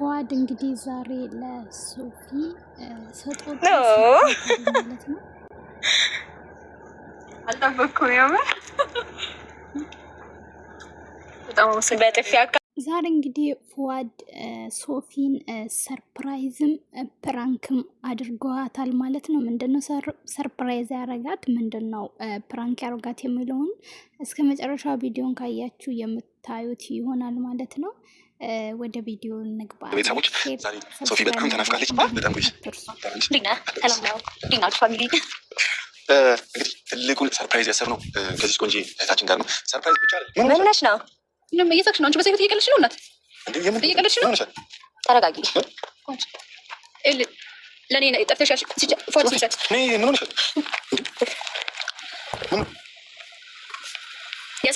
ፏድ እንግዲህ ዛሬ ለሶፊ ሰጦት ማለት ነው። አልጠበኩም የምር ዛሬ እንግዲህ ፍዋድ ሶፊን ሰርፕራይዝም ፕራንክም አድርገዋታል ማለት ነው። ምንድነው ሰርፕራይዝ ያረጋት ምንድነው ፕራንክ ያረጋት የሚለውን እስከ መጨረሻ ቪዲዮን ካያችሁ የምታዩት ይሆናል ማለት ነው። ወደ ቪዲዮ እንግባ። ቤተሰቦች ሶፊ በጣም ተናፍቃለች። በጣም እንግዲህ ትልቁን ሰርፕራይዝ ያሰብ ነው ከዚች ቆንጆ እህታችን ጋር ነው። ሰርፕራይዝ ብቻ ምን ነሽ ነው እየሳቅሽ ነው? አንቺ በዚህ እየቀለድሽ ነው? እናት እየቀለድሽ ነው? ተረጋጊ። ለእኔ ፎርስ ጠፍተሻል። ምን ሆነሻል?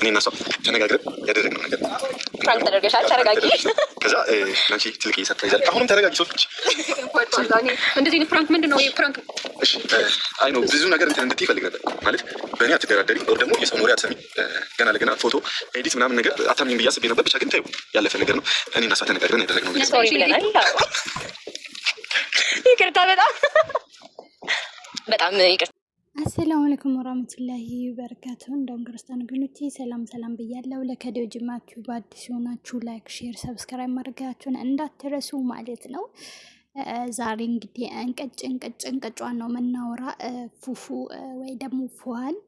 እኔና እሷ ተነጋግረን ያደረግነው ነገር ፕራንክ ተደርገሻል። ተረጋጊ። ከዛ ትልቅ አሁንም ተረጋጊ። ሰዎች እንደዚህ ፕራንክ ምንድን ነው? ፕራንክ አይ ነው ብዙ ነገር እንትን እንድትይ ይፈልግ ነበር ማለት በእኔ አትደራደሪ ደግሞ አትሰሚ፣ ገና ለገና ፎቶ ኤዲት ምናምን ነገር ብዬ አስቤ ነበር። ብቻ ግን ተይው፣ ያለፈ ነገር ነው። እኔና እሷ ተነጋግረን ያደረግነው ይቅርታ፣ በጣም በጣም ይቅርታ አሰላሙ አለይኩም ወራህመቱላሂ በረካቱ። እንደውም ክርስቲያን ወገኖቼ ሰላም ሰላም ብያለሁ። ለከዲው ጅማችሁ በአዲስ የሆናችሁ ላይክ፣ ሼር፣ ሰብስክራይብ ማድረጋችሁን እንዳትረሱ ማለት ነው። ዛሬ እንግዲህ እንቀጭ እንቀጭ እንቀጫዋን ነው መናወራ ፉፉ ወይ ደግሞ ፉሃድ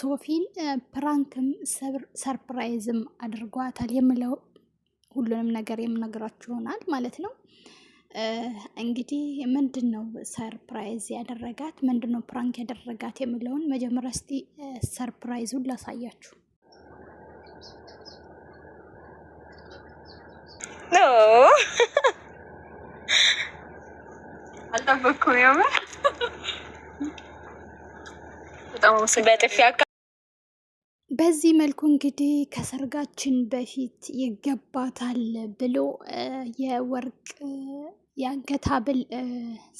ሶፊን ፕራንክም ሰርፕራይዝም አድርጓታል የምለው ሁሉንም ነገር የምነግራችሁ ይሆናል ማለት ነው። እንግዲህ ምንድን ነው ሰርፕራይዝ ያደረጋት ምንድን ነው ፕራንክ ያደረጋት የሚለውን መጀመሪያ እስቲ ሰርፕራይዙን ላሳያችሁ። አልጠበኩም። በጥፊ በዚህ መልኩ እንግዲህ ከሰርጋችን በፊት ይገባታል ብሎ የወርቅ የአንገት ሐብል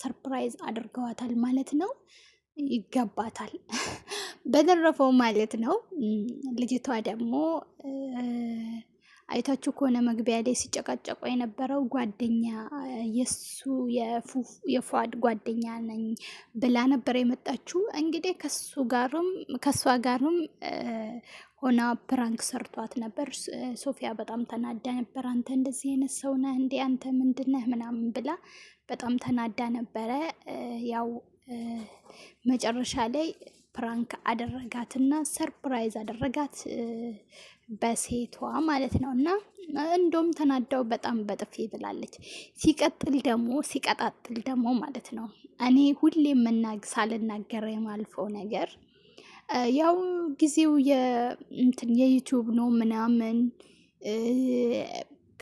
ሰርፕራይዝ አድርገዋታል ማለት ነው። ይገባታል በተረፈው ማለት ነው። ልጅቷ ደግሞ አይታችሁ ከሆነ መግቢያ ላይ ሲጨቃጨቁ የነበረው ጓደኛ የሱ የፏድ ጓደኛ ነኝ ብላ ነበር የመጣችው። እንግዲህ ከሱ ጋርም ከእሷ ጋርም ሆና ፕራንክ ሰርቷት ነበር። ሶፊያ በጣም ተናዳ ነበር። አንተ እንደዚህ አይነት ሰው ነህ እንዴ? አንተ ምንድነህ? ምናምን ብላ በጣም ተናዳ ነበረ። ያው መጨረሻ ላይ ፕራንክ አደረጋትና ሰርፕራይዝ አደረጋት። በሴቷ ማለት ነው። እና እንደውም ተናዳው በጣም በጥፊ ብላለች። ሲቀጥል ደግሞ ሲቀጣጥል ደግሞ ማለት ነው እኔ ሁሌ ሳልናገር የማልፈው ነገር ያው ጊዜው የእንትን የዩቱብ ነው ምናምን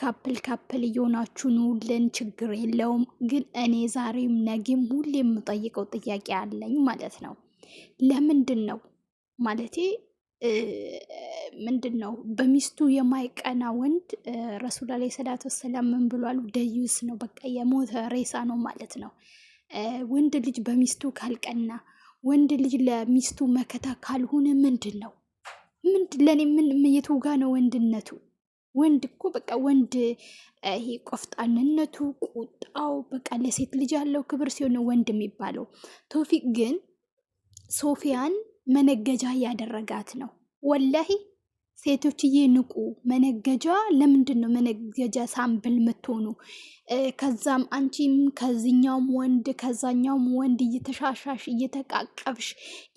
ካፕል ካፕል እየሆናችሁ ኑልን ችግር የለውም። ግን እኔ ዛሬም ነገም ሁሌ የምጠይቀው ጥያቄ አለኝ ማለት ነው። ለምንድን ነው ማለቴ ምንድን ነው በሚስቱ የማይቀና ወንድ ረሱል ላ ሰላት ወሰላም ምን ብሏሉ? ደዩስ ነው በቃ የሞተ ሬሳ ነው ማለት ነው። ወንድ ልጅ በሚስቱ ካልቀና፣ ወንድ ልጅ ለሚስቱ መከታ ካልሆነ ምንድን ነው ምንድ ለእኔ ምን የቱ ጋ ነው ወንድነቱ? ወንድ እኮ በቃ ወንድ ይሄ ቆፍጣንነቱ፣ ቁጣው በቃ ለሴት ልጅ ያለው ክብር ሲሆን ወንድ የሚባለው። ቶፊቅ ግን ሶፊያን መነገጃ እያደረጋት ነው። ወላሂ ሴቶችዬ ንቁ። መነገጃ ለምንድን ነው መነገጃ ሳምብል የምትሆኑ? ከዛም አንቺም ከዚኛውም ወንድ ከዛኛውም ወንድ እየተሻሻሽ እየተቃቀብሽ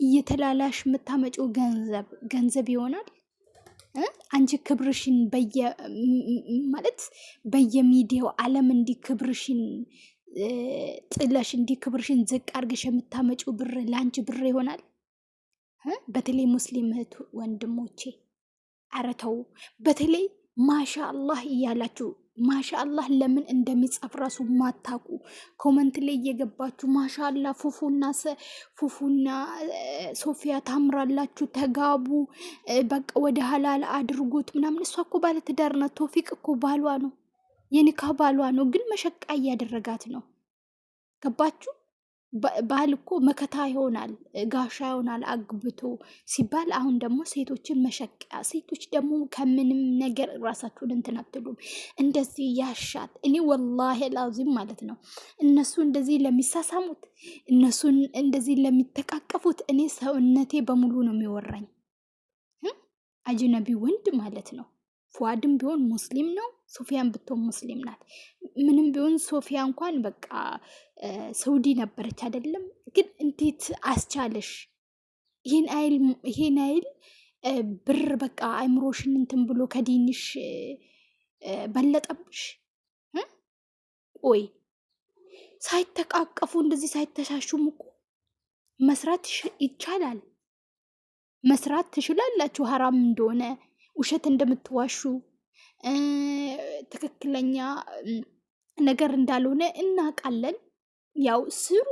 እየተላላሽ የምታመጪው ገንዘብ ገንዘብ ይሆናል። አንቺ ክብርሽን በየ ማለት በየሚዲያው ዓለም እንዲ ክብርሽን ጥለሽ እንዲ ክብርሽን ዝቅ አድርግሽ የምታመጪው ብር ለአንቺ ብር ይሆናል። በተለይ ሙስሊም እህት ወንድሞቼ አረተው በተለይ ማሻ እያላችሁ ማሻ ለምን እንደሚጻፍ ራሱ ማታቁ ኮመንት ላይ እየገባችሁ ማሻአላ ፉፉና ፉፉና ሶፊያ ታምራላችሁ፣ ተጋቡ፣ በቃ ወደ ሀላል አድርጉት ምናምን። እሷ እኮ ባለትዳር ናት። ቶፊቅ እኮ ባሏ ነው፣ የኒካ ባሏ ነው። ግን መሸቃ እያደረጋት ነው። ገባችሁ? ባል እኮ መከታ ይሆናል፣ ጋሻ ይሆናል አግብቶ ሲባል። አሁን ደግሞ ሴቶችን መሸቀያ። ሴቶች ደግሞ ከምንም ነገር ራሳችሁን እንትን አትሉም። እንደዚህ ያሻት እኔ ወላሂ ላዚም ማለት ነው። እነሱ እንደዚህ ለሚሳሳሙት፣ እነሱን እንደዚህ ለሚተቃቀፉት እኔ ሰውነቴ በሙሉ ነው የሚወራኝ። አጅነቢ ወንድ ማለት ነው። ፏድም ቢሆን ሙስሊም ነው። ሶፊያን ብትሆን ሙስሊም ናት። ምንም ቢሆን ሶፊያ እንኳን በቃ ሰውዲ ነበረች አይደለም። ግን እንዴት አስቻለሽ ይሄን አይል ይሄን አይል ብር በቃ አይምሮሽን እንትን ብሎ ከዲንሽ በለጠብሽ። ቆይ ሳይተቃቀፉ እንደዚህ ሳይተሻሹም እኮ መስራት ይቻላል። መስራት ትችላላችሁ። ሀራም እንደሆነ ውሸት እንደምትዋሹ ትክክለኛ ነገር እንዳልሆነ እናውቃለን። ያው ስሩ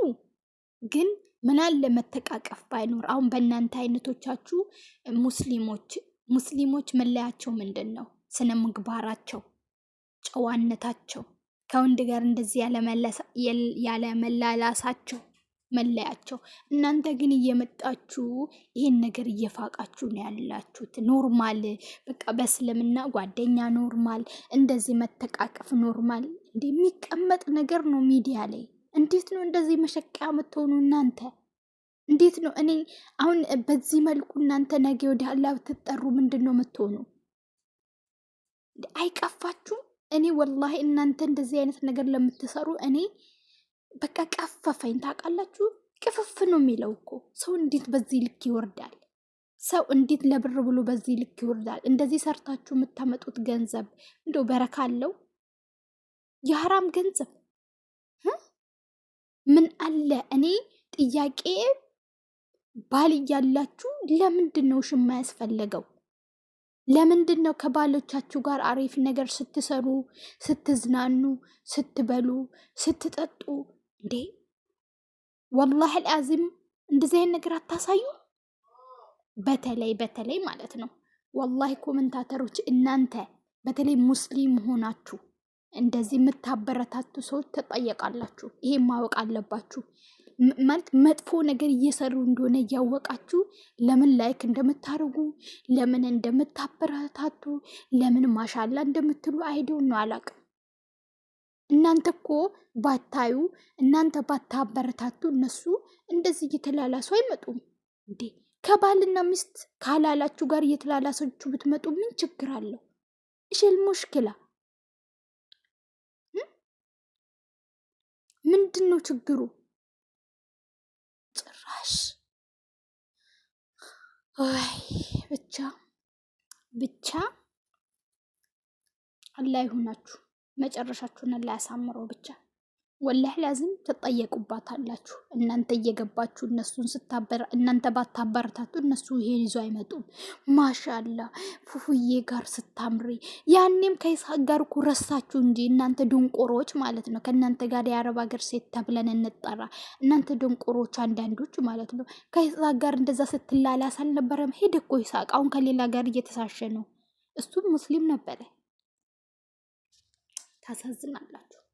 ግን ምናል ለመተቃቀፍ ባይኖር አሁን በእናንተ አይነቶቻችሁ ሙስሊሞች ሙስሊሞች መለያቸው ምንድን ነው? ስነ ምግባራቸው፣ ጨዋነታቸው፣ ከወንድ ጋር እንደዚህ ያለ መላላሳቸው መለያቸው። እናንተ ግን እየመጣችሁ ይሄን ነገር እየፋቃችሁ ነው ያላችሁት። ኖርማል በቃ በእስልምና ጓደኛ ኖርማል፣ እንደዚህ መተቃቀፍ ኖርማል እንደሚቀመጥ ነገር ነው ሚዲያ ላይ። እንዴት ነው እንደዚህ መሸቀያ የምትሆኑ እናንተ? እንዴት ነው እኔ አሁን በዚህ መልኩ እናንተ ነገ ወደ አላ ብትጠሩ ምንድን ነው የምትሆኑ? አይቀፋችሁም? እኔ ወላሂ እናንተ እንደዚህ አይነት ነገር ለምትሰሩ እኔ በቃ ቀፈፈኝ። ታውቃላችሁ፣ ቅፍፍ ነው የሚለው እኮ ሰው። እንዴት በዚህ ልክ ይወርዳል? ሰው እንዴት ለብር ብሎ በዚህ ልክ ይወርዳል? እንደዚህ ሰርታችሁ የምታመጡት ገንዘብ እንደው በረካ አለው? የሀራም ገንዘብ ምን አለ? እኔ ጥያቄ ባል እያላችሁ ለምንድን ነው ሽማ ያስፈለገው? ለምንድን ነው ከባሎቻችሁ ጋር አሪፍ ነገር ስትሰሩ፣ ስትዝናኑ፣ ስትበሉ፣ ስትጠጡ? እንዴ ወላሂ ልአዚም እንደዚህ አይነት ነገር አታሳዩ። በተለይ በተለይ ማለት ነው ወላሂ ኮመንታተሮች እናንተ በተለይ ሙስሊም ሆናችሁ እንደዚህ የምታበረታቱ ሰዎች ትጠየቃላችሁ። ይሄ ማወቅ አለባችሁ። ማለት መጥፎ ነገር እየሰሩ እንደሆነ እያወቃችሁ ለምን ላይክ እንደምታደርጉ ለምን እንደምታበረታቱ ለምን ማሻላ እንደምትሉ አይደው ነው አላውቅም። እናንተ እኮ ባታዩ እናንተ ባታበረታቱ እነሱ እንደዚህ እየተላላሱ አይመጡም እንዴ? ከባልና ሚስት ካላላችሁ ጋር እየተላላሳችሁ ብትመጡ ምን ችግር አለው? እሽል ሙሽክላ ምንድን ነው ችግሩ? ጭራሽ ወይ ብቻ ብቻ አላህ ይሁናችሁ፣ መጨረሻችሁን አላህ ያሳምረው ብቻ ወላህ ላዝም ትጠየቁባታላችሁ። እናንተ እየገባችሁ እነሱን ስታበራ እናንተ ባታበረታቱ እነሱ ይሄን ይዞ አይመጡም። ማሻላ ፉፉዬ ጋር ስታምሪ ያኔም ከይስሐቅ ጋር እኮ ረሳችሁ እንጂ እናንተ ድንቆሮች ማለት ነው። ከእናንተ ጋር የአረብ ሀገር ሴት ተብለን እንጠራ እናንተ ድንቆሮች አንዳንዶች ማለት ነው። ከይስሐቅ ጋር እንደዛ ስትላላስ አልነበረም? ሄደ እኮ ይስሐቅ አሁን ከሌላ ጋር እየተሳሸ ነው። እሱም ሙስሊም ነበረ። ታሳዝናላችሁ።